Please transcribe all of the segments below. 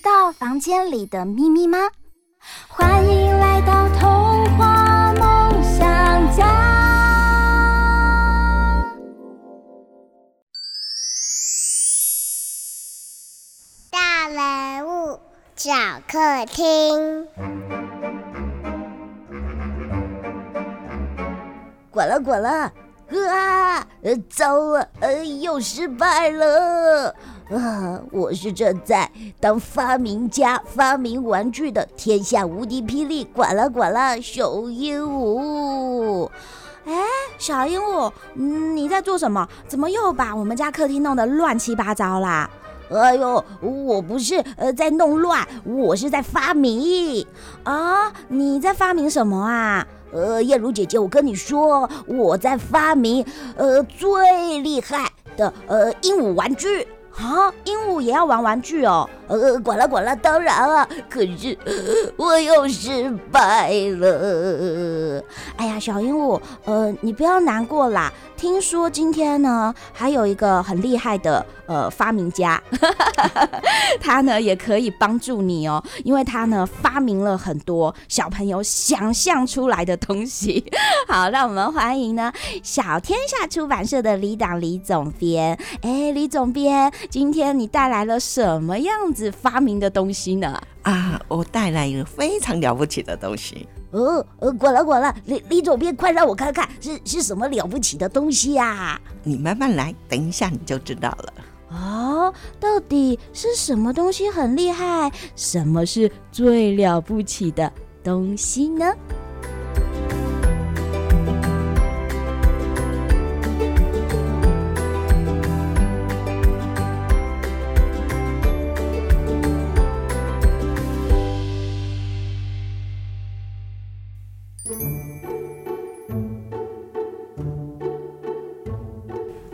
到房間裡的秘密嗎？歡迎來到童話夢想家。大人物小客廳。滾了滾了，呃、啊，糟了、呃，又失敗了。啊！我是正在當發明家發明玩具的天下無敵霹靂管啦管啦小鸚鵡。哎，小鸚鵡，嗯，你在做什麼？怎麼又把我們家客廳弄得亂七八糟啦？哎呦，我不是呃在弄亂，我是在發明。啊，你在發明什麼啊？呃，葉如姐姐，我跟你說，我在發明呃最厲害的呃鸚鵡玩具。啊，鸚鵡也要玩玩具哦。呃，管了管了，當然了，啊。可是我又失敗了。哎呀，小鸚鵡，呃，你不要難過啦。聽說今天呢，還有一個很厲害的。呃，發明家， 他呢，也可以幫助你哦，因為他呢發明了很多小朋友想象出來的東西。好，讓我們歡迎呢，小天下出版社的李黨李總編。哎，李總編，今天你帶來了什麼樣子發明的東西呢？啊，我帶來一個非常了不起的東西。哦，呃，滾了滾了，李李總編，快讓我看看是是什麼了不起的東西啊。你慢慢來，等一下你就知道了。哦，到底是什麼東西很厲害？什麼是最了不起的東西呢？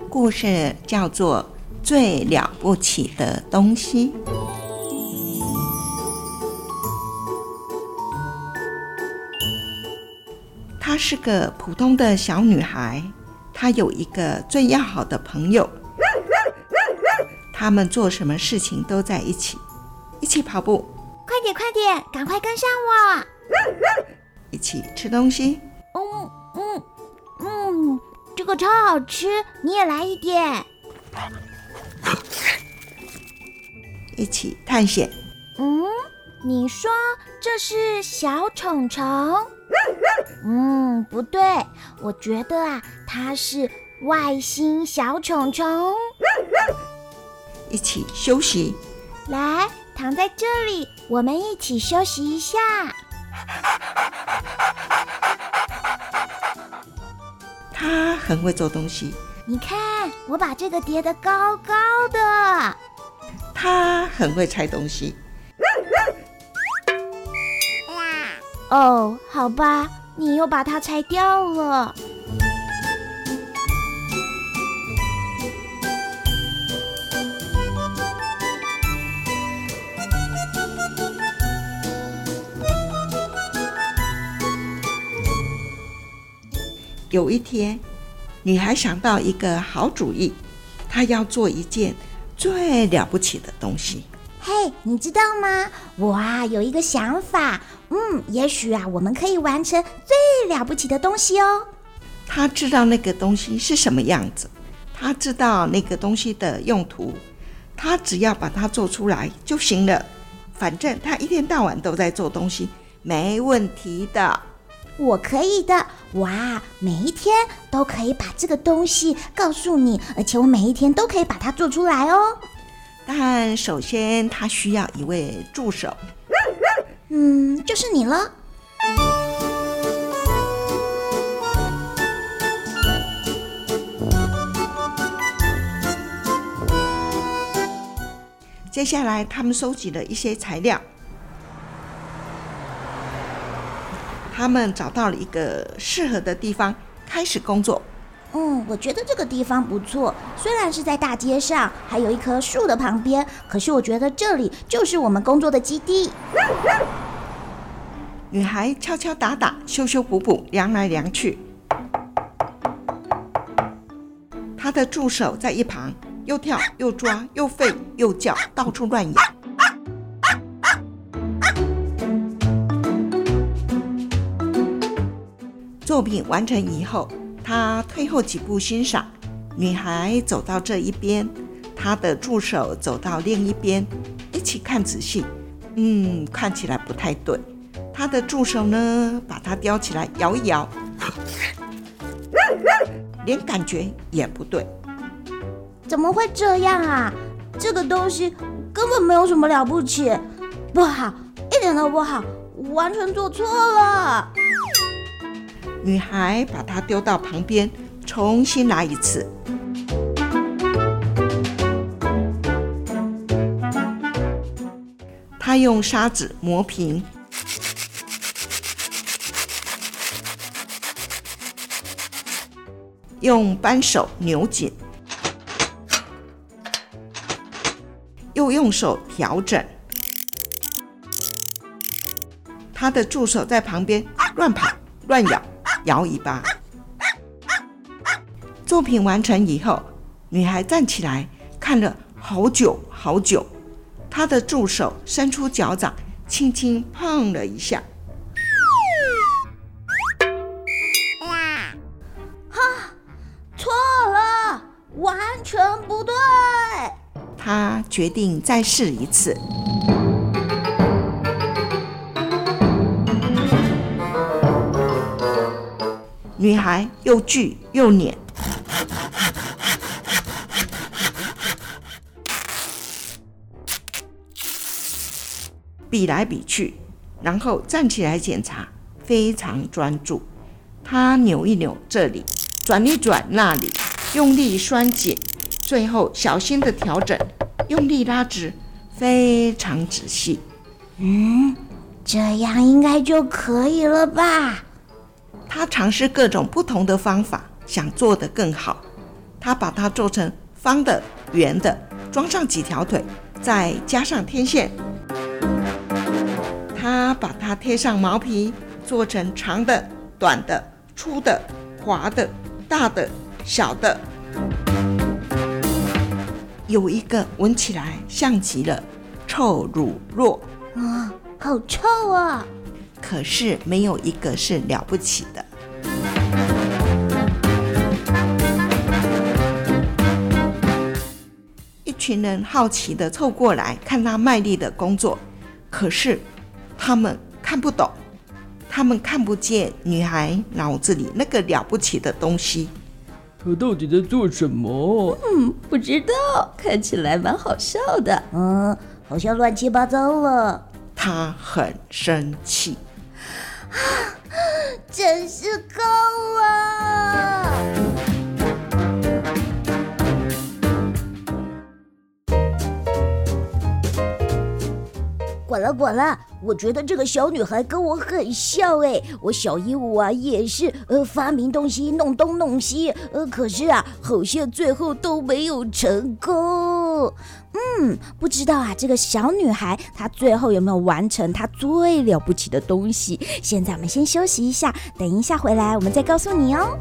故事叫做。最了不起的東西。她是個普通的小女孩，她有一個最要好的朋友，他們做什麼事情都在一起，一起跑步，快點快點，趕快跟上我！一起吃東西，嗯嗯嗯，這個超好吃，你也來一點。一起探險。嗯，你說這是小蟲蟲？嗯，不對，我覺得啊，它是外星小蟲蟲。一起休息，來躺在這裡，我們一起休息一下。它很會做東西，你看，我把這個疊得高高的。他很會拆東西。哦，好吧，你又把它拆掉了。有一天，女孩想到一個好主意，她要做一件。最了不起的東西。嘿，你知道嗎？我啊有一個想法，嗯，也許啊我們可以完成最了不起的東西哦。他知道那個東西是什麼樣子，他知道那個東西的用途，他只要把它做出來就行了。反正他一天到晚都在做東西，沒問題的。我可以的，哇，每一天都可以把這個東西告訴你，而且我每一天都可以把它做出來哦。但首先，它需要一位助手。嗯，就是你了。接下來，他們收集了一些材料。他們找到了一個適合的地方，開始工作。嗯，我覺得這個地方不錯，雖然是在大街上，還有一棵樹的旁邊，可是我覺得這裡就是我們工作的基地。女孩敲敲打打，修修補補，量來量去。她的助手在一旁又跳又抓又吠又叫，到處亂咬。作品完成以後，他退後幾步欣賞。女孩走到這一邊，他的助手走到另一邊，一起看仔細。嗯，看起來不太對。他的助手呢，把它叼起來搖一搖，連感覺也不對。怎麼會這樣啊？這個東西根本沒有什麼了不起。不好，一點都不好，完全做錯了。女孩把它丟到旁邊，重新來一次。她用砂紙磨平，用扳手扭緊，又用手調整。她的助手在旁邊亂跑、亂咬。搖尾巴、啊啊啊。作品完成以後，女孩站起來看了好久好久。她的助手伸出腳掌，輕輕碰了一下。哈、啊，錯了，完全不對。她決定再試一次。女孩又鋸又黏，比來比去，然後站起來檢查，非常專注。她扭一扭這裡，轉一轉那裡，用力拴緊，最後小心地調整，用力拉直，非常仔細。嗯，這樣應該就可以了吧。他嘗試各種不同的方法，想做得更好。他把它做成方的、圓的，裝上幾條腿，再加上天線。他把它貼上毛皮，做成長的、短的、粗的、滑的、大的、小的。有一個聞起來像極了臭乳酪。哇，好臭啊！可是沒有一個是了不起的。一群人好奇的湊過來看他賣力的工作，可是他們看不懂，他們看不見女孩腦子裡那個了不起的東西。他到底在做什麼？嗯，不知道，看起來蠻好笑的。嗯，好像亂七八糟了。他很生氣。真是夠了，啊。管了管了，我覺得這個小女孩跟我很像哎，我小鸚鵡啊也是，呃，發明東西弄東弄西，呃，可是啊，好像最後都沒有成功。嗯，不知道啊，這個小女孩她最後有沒有完成她最了不起的東西？現在我們先休息一下，等一下回來我們再告訴你哦。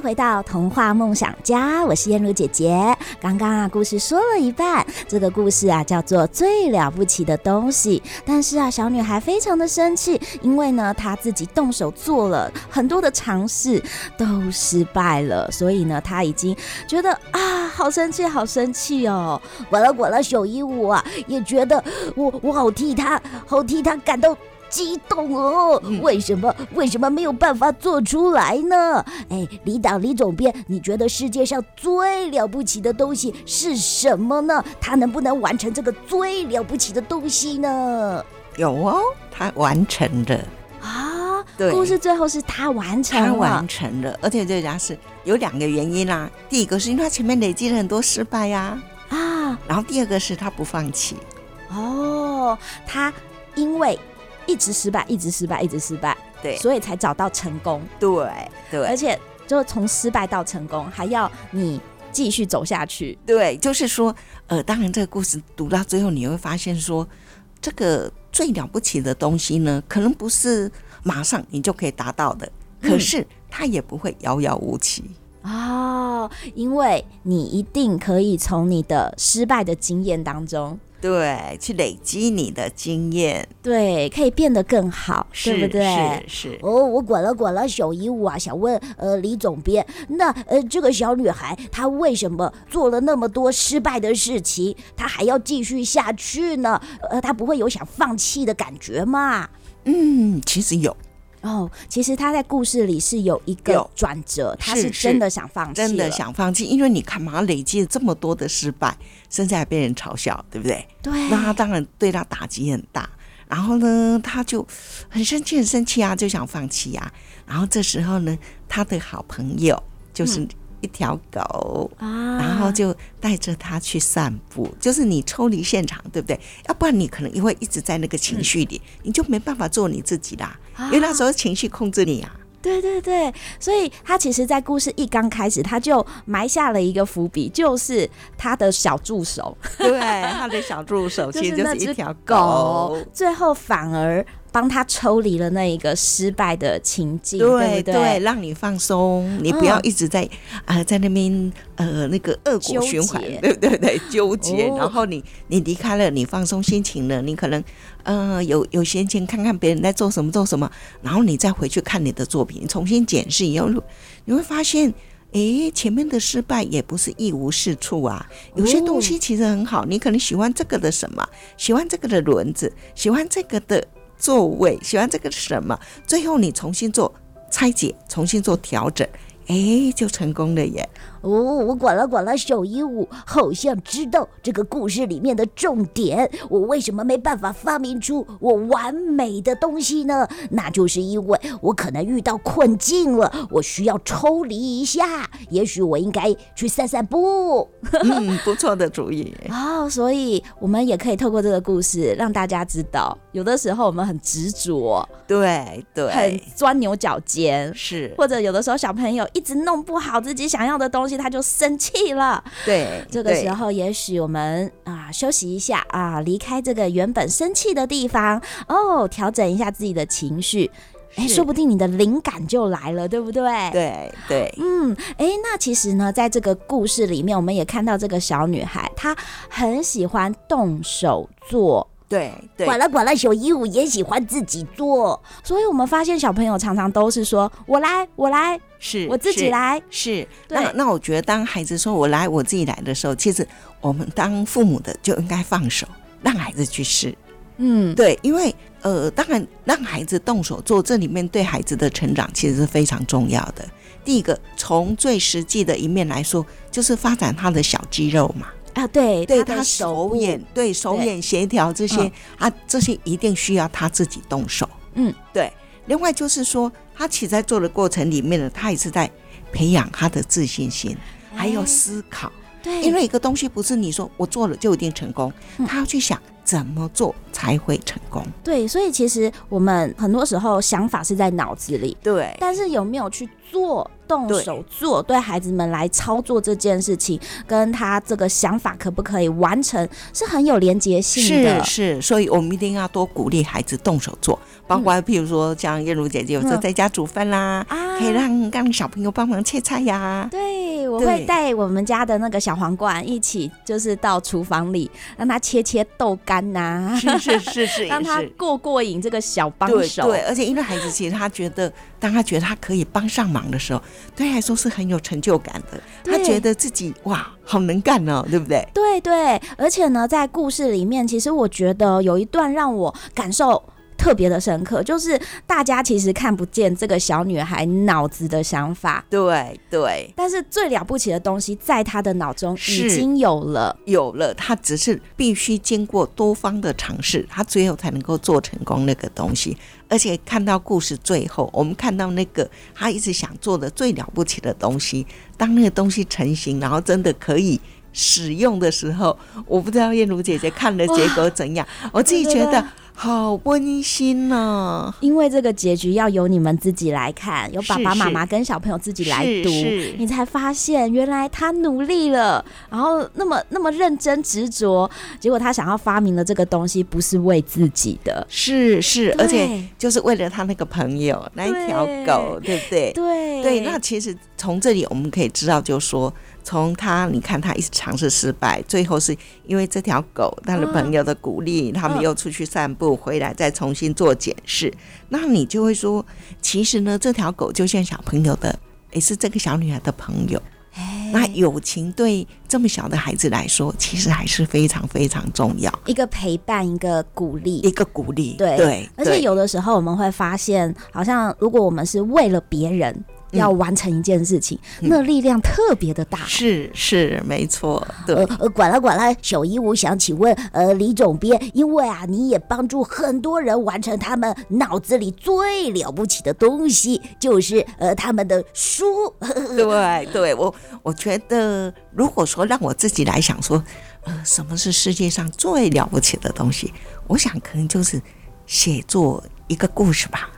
回到童話夢想家，我是燕如姐姐。剛剛啊，故事說了一半，這個故事啊叫做《最了不起的東西》。但是啊，小女孩非常的生氣，因為呢，她自己動手做了很多的嘗試，都失敗了，所以呢，她已經覺得啊，好生氣，好生氣哦！完了完了，九一五啊，也覺得我我好替她，好替她感動。激動哦！為什麼、嗯、為什麼沒有辦法做出來呢？哎，李黨，李總編，你覺得世界上最了不起的東西是什麼呢？他能不能完成這個最了不起的東西呢？有哦，他完成了啊對！故事最後是他完成了，他完成了，而且這家是有兩個原因啦、啊。第一個是因為他前面累積了很多失敗呀啊，啊，然後第二個是他不放棄哦，他因為。一直失敗，一直失敗，一直失敗，對，所以才找到成功，對，對，而且就從失敗到成功，還要你繼續走下去，對，就是說，呃，當然這個故事讀到最後，你會發現說，這個最了不起的東西呢，可能不是馬上你就可以達到的，可是它也不會遙遙無期，嗯，哦，因為你一定可以從你的失敗的經驗當中。對，去累積你的經驗，對，可以變得更好，是對不對？是是哦，是 oh, 我滾了滾了小姨我啊，想問呃李總編，那呃這個小女孩她為什麼做了那麼多失敗的事情，她還要繼續下去呢？呃，她不會有想放棄的感覺嗎？嗯，其實有。哦，其實他在故事裡是有一個轉折，他是真的想放棄，是是，真的想放棄，因為你看嘛，累積了這麼多的失敗，甚至還被人嘲笑，對不對？對，那他當然對他打擊很大。然後呢，他就很生氣，很生氣啊，就想放棄呀，啊。然後這時候呢，他的好朋友就是，嗯。一條狗，然後就帶着他去散步，啊，就是你抽離現場，對不對？要不然你可能也會一直在那個情緒裡，嗯，你就沒辦法做你自己啦。啊、因為那時候情緒控制你啊。對對對，所以他其實在故事一剛開始，他就埋下了一個伏筆，就是他的小助手，對，他的小助手其實就是一條狗，就是，那只狗，最後反而。幫他抽離了那一個失敗的情境，對對，對，對？讓你放鬆，你不要一直在啊、哦呃，在那邊呃那個惡果循環，對不對，對？對，糾、哦、結。然後你你離開了，你放鬆心情了，你可能嗯、呃、有有閒情看看別人在做什麼做什麼，然後你再回去看你的作品，重新檢視以後，你會發現，誒、欸，前面的失敗也不是一無是處啊，有些東西其實很好，你可能喜歡這個的什麼，哦、喜歡這個的輪子，喜歡這個的。座位喜歡這個是什麼？最後你重新做拆解，重新做調整，哎，就成功了耶。哦，我管了管了，小鸚鵡好像知道這個故事裡面的重點。我為什麼沒辦法發明出我完美的東西呢？那就是因為我可能遇到困境了，我需要抽離一下。也許我應該去散散步。 嗯，不錯的主意。啊、哦，所以我們也可以透過這個故事讓大家知道，有的時候我們很執着，對對，很鑽牛角尖，是。或者有的時候小朋友一直弄不好自己想要的東西。她就生氣了。對，對，這個時候也許我們啊休息一下啊，離開這個原本生氣的地方哦，調整一下自己的情緒，哎，說不定你的靈感就來了，對不對？對對，嗯，哎，那其實呢，在這個故事裡面，我們也看到這個小女孩，她很喜歡動手做。對，對，管了管了，小一五也喜歡自己做，所以我們發現小朋友常常都是說，我來，我來，是我自己來。是，是，對，那那我覺得當孩子說我來，我自己來的時候，其實我們當父母的就應該放手，讓孩子去試。嗯，對，因為呃，當然讓孩子動手做，這裡面對孩子的成長其實是非常重要的。第一個，從最實際的一面來說，就是發展他的小肌肉嘛。啊，對，對他手，他手眼，對手眼協調這些、嗯、啊，這些一定需要他自己動手。嗯，對。另外就是說，他其實在做的過程裡面呢，他也是在培養他的自信心、嗯，還有思考。對，因為一個東西不是你說我做了就一定成功，他要去想。嗯怎麼做才會成功？對，所以其實我們很多時候想法是在腦子裡，對，但是有沒有去做動手做，對孩子們來操作這件事情，跟他這個想法可不可以完成，是很有連結性的。是是，所以我們一定要多鼓勵孩子動手做，包括譬如說像燕如姐姐有時候在家煮飯啦，嗯嗯、啊，可以讓讓小朋友幫忙切菜呀、啊，對。我會帶我們家的那個小皇冠一起，就是到廚房裡，讓他切切豆干吶、啊，是是是是，是，讓他過過癮，這個小幫手對。對，而且因為孩子其實他覺得，當他覺得他可以幫上忙的時候，對，他來說是很有成就感的。他覺得自己哇，好能幹哦，對不對？對對，而且呢，在故事裡面，其實我覺得有一段讓我感受。特別的深刻，就是大家其實看不見這個小女孩腦子的想法，對對。但是最了不起的東西，在她的腦中已經有了，有了。她只是必須經過多方的嘗試，她最後才能夠做成功那個東西。而且看到故事最後，我們看到那個她一直想做的最了不起的東西，當那個東西成型，然後真的可以使用的時候，我不知道燕如姐姐看了結果怎樣。我自己覺得。好溫馨呢、啊！因為這個結局要由你們自己來看，由爸爸媽媽跟小朋友自己來讀是是，你才發現原來他努力了，然後那麼那麼認真執着，結果他想要發明的這個東西不是為自己的，是是，而且就是為了他那個朋友那一條狗對，對不對？對對，那其實從這裡我們可以知道，就是說。從他，你看他一直嘗試失敗，最後是因為這條狗，他的朋友的鼓勵，他們又出去散步，回來再重新做檢視。那你就會說，其實呢，這條狗就像小朋友的，也是這個小女孩的朋友。那友情對這麼小的孩子來說，其實還是非常非常重要，一個陪伴，一個鼓勵，一個鼓勵。對對，而且有的時候我們會發現，好像如果我們是為了別人。要完成一件事情，嗯嗯、那力量特別的大，是是沒錯對呃。呃，管了管了，小一，我想請問，呃，李總編，因為啊，你也幫助很多人完成他們腦子裡最了不起的東西，就是呃，他們的書。 對，對我我覺得，如果說讓我自己來想說，呃，什麼是世界上最了不起的東西？我想，可能就是寫作一個故事吧。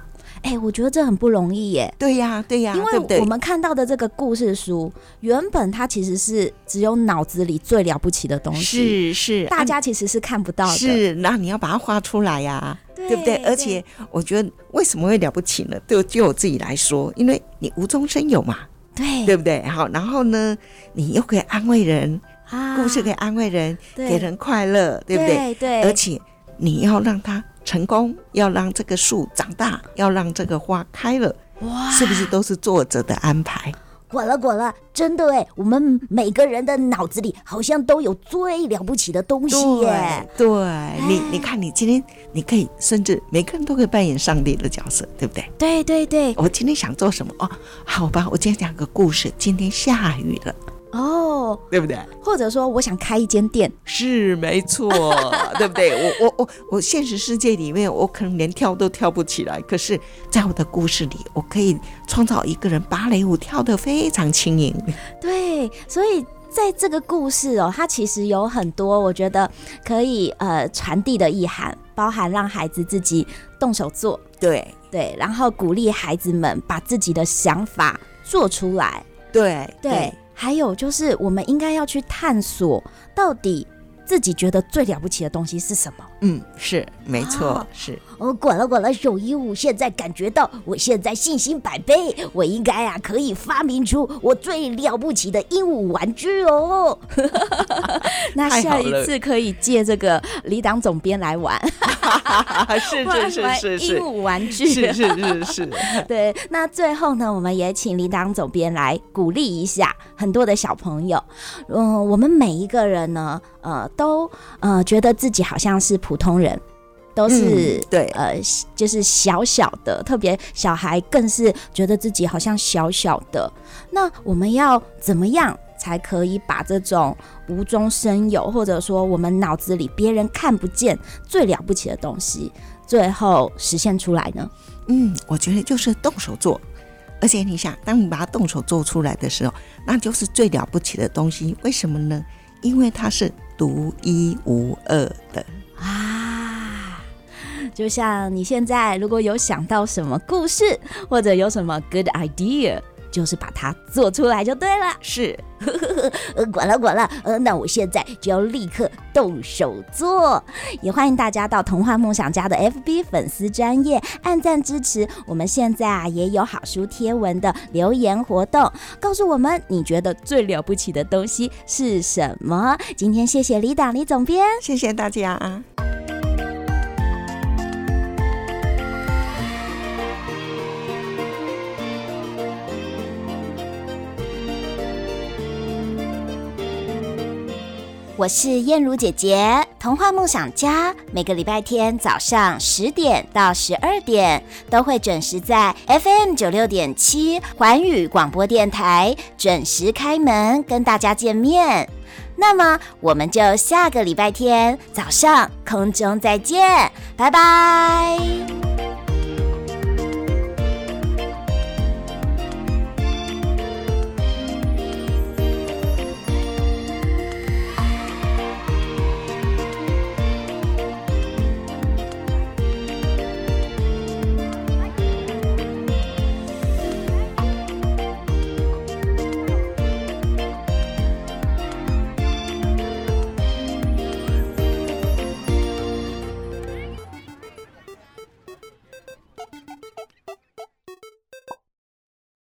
哎、欸，我覺得這很不容易耶。對呀、啊，對呀、啊，因為我們看到的這個故事書對對，原本它其實是只有腦子裡最了不起的東西，是是，大家其實是看不到的。是，那你要把它畫出來呀、啊，對不對？而且，我覺得為什麼會了不起呢？對，就我自己來說，因為你無中生有嘛，對對不對？好，然後呢，你又可以安慰人啊，故事可以安慰人，給人快樂，對不對？對，對。而且你要讓他。成功要讓這個樹長大，要讓這個花開了，哇，是不是都是作者的安排？滾了滾了，真的誒。我們每個人的腦子裡好像都有最了不起的東西耶。對，對你你看，你今天你可以甚至每個人都可以扮演上帝的角色，對不對？對對對，我今天想做什麼？哦，好吧，我今天講個故事，今天下雨了。哦、oh，對不對？或者說，我想開一間店，是沒錯， 對不對？我我我我，我我現實世界裡面，我可能連跳都跳不起來，可是，在我的故事裡，我可以創造一個人芭蕾舞跳得非常輕盈。對，所以在這個故事哦，它其實有很多我覺得可以呃傳遞的意涵，包含讓孩子自己動手做，對對，然後鼓勵孩子們把自己的想法做出來，對對。對還有就是，我們應該要去探索到底自己覺得最了不起的東西是什麼？嗯，是沒錯，啊、是我、哦、管了管了，手鸚鵡，現在感覺到，我現在信心百倍，我應該啊可以發明出我最了不起的鸚鵡玩具哦。 那下一次可以借這個李黨總編來玩， 是，是是是是是，鸚、啊、鵡玩具，是是是，是，是。 對，那最後呢，我們也請李黨總編來鼓勵一下很多的小朋友。嗯、呃，我們每一個人呢。呃，都呃覺得自己好像是普通人，都是、嗯、對呃，就是小小的，特別小孩更是覺得自己好像小小的。那我們要怎麼樣才可以把這種無中生有，或者說我們腦子裡別人看不見最了不起的東西，最後實現出來呢？嗯，我覺得就是動手做，而且你想當你把它動手做出來的時候，那就是最了不起的東西。為什麼呢？因為它是。獨一無二的啊！就像你現在，如果有想到什麼故事，或者有什麼 good idea。就是把它做出來就對了。是，呵呵呵，呃，滾了滾了，呃，那我現在就要立刻動手做。也歡迎大家到童話夢想家的 FB 粉絲專頁按贊支持。我們現在啊也有好書貼文的留言活動，告訴我們你覺得最了不起的東西是什麼。今天謝謝李黨、李總編，謝謝大家啊。我是燕如姐姐，童話夢想家。每個禮拜天早上十點到十二點，都會準時在 FM 九六點七環宇廣播電台準時開門，跟大家見面。那麼，我們就下個禮拜天早上空中再見，拜拜。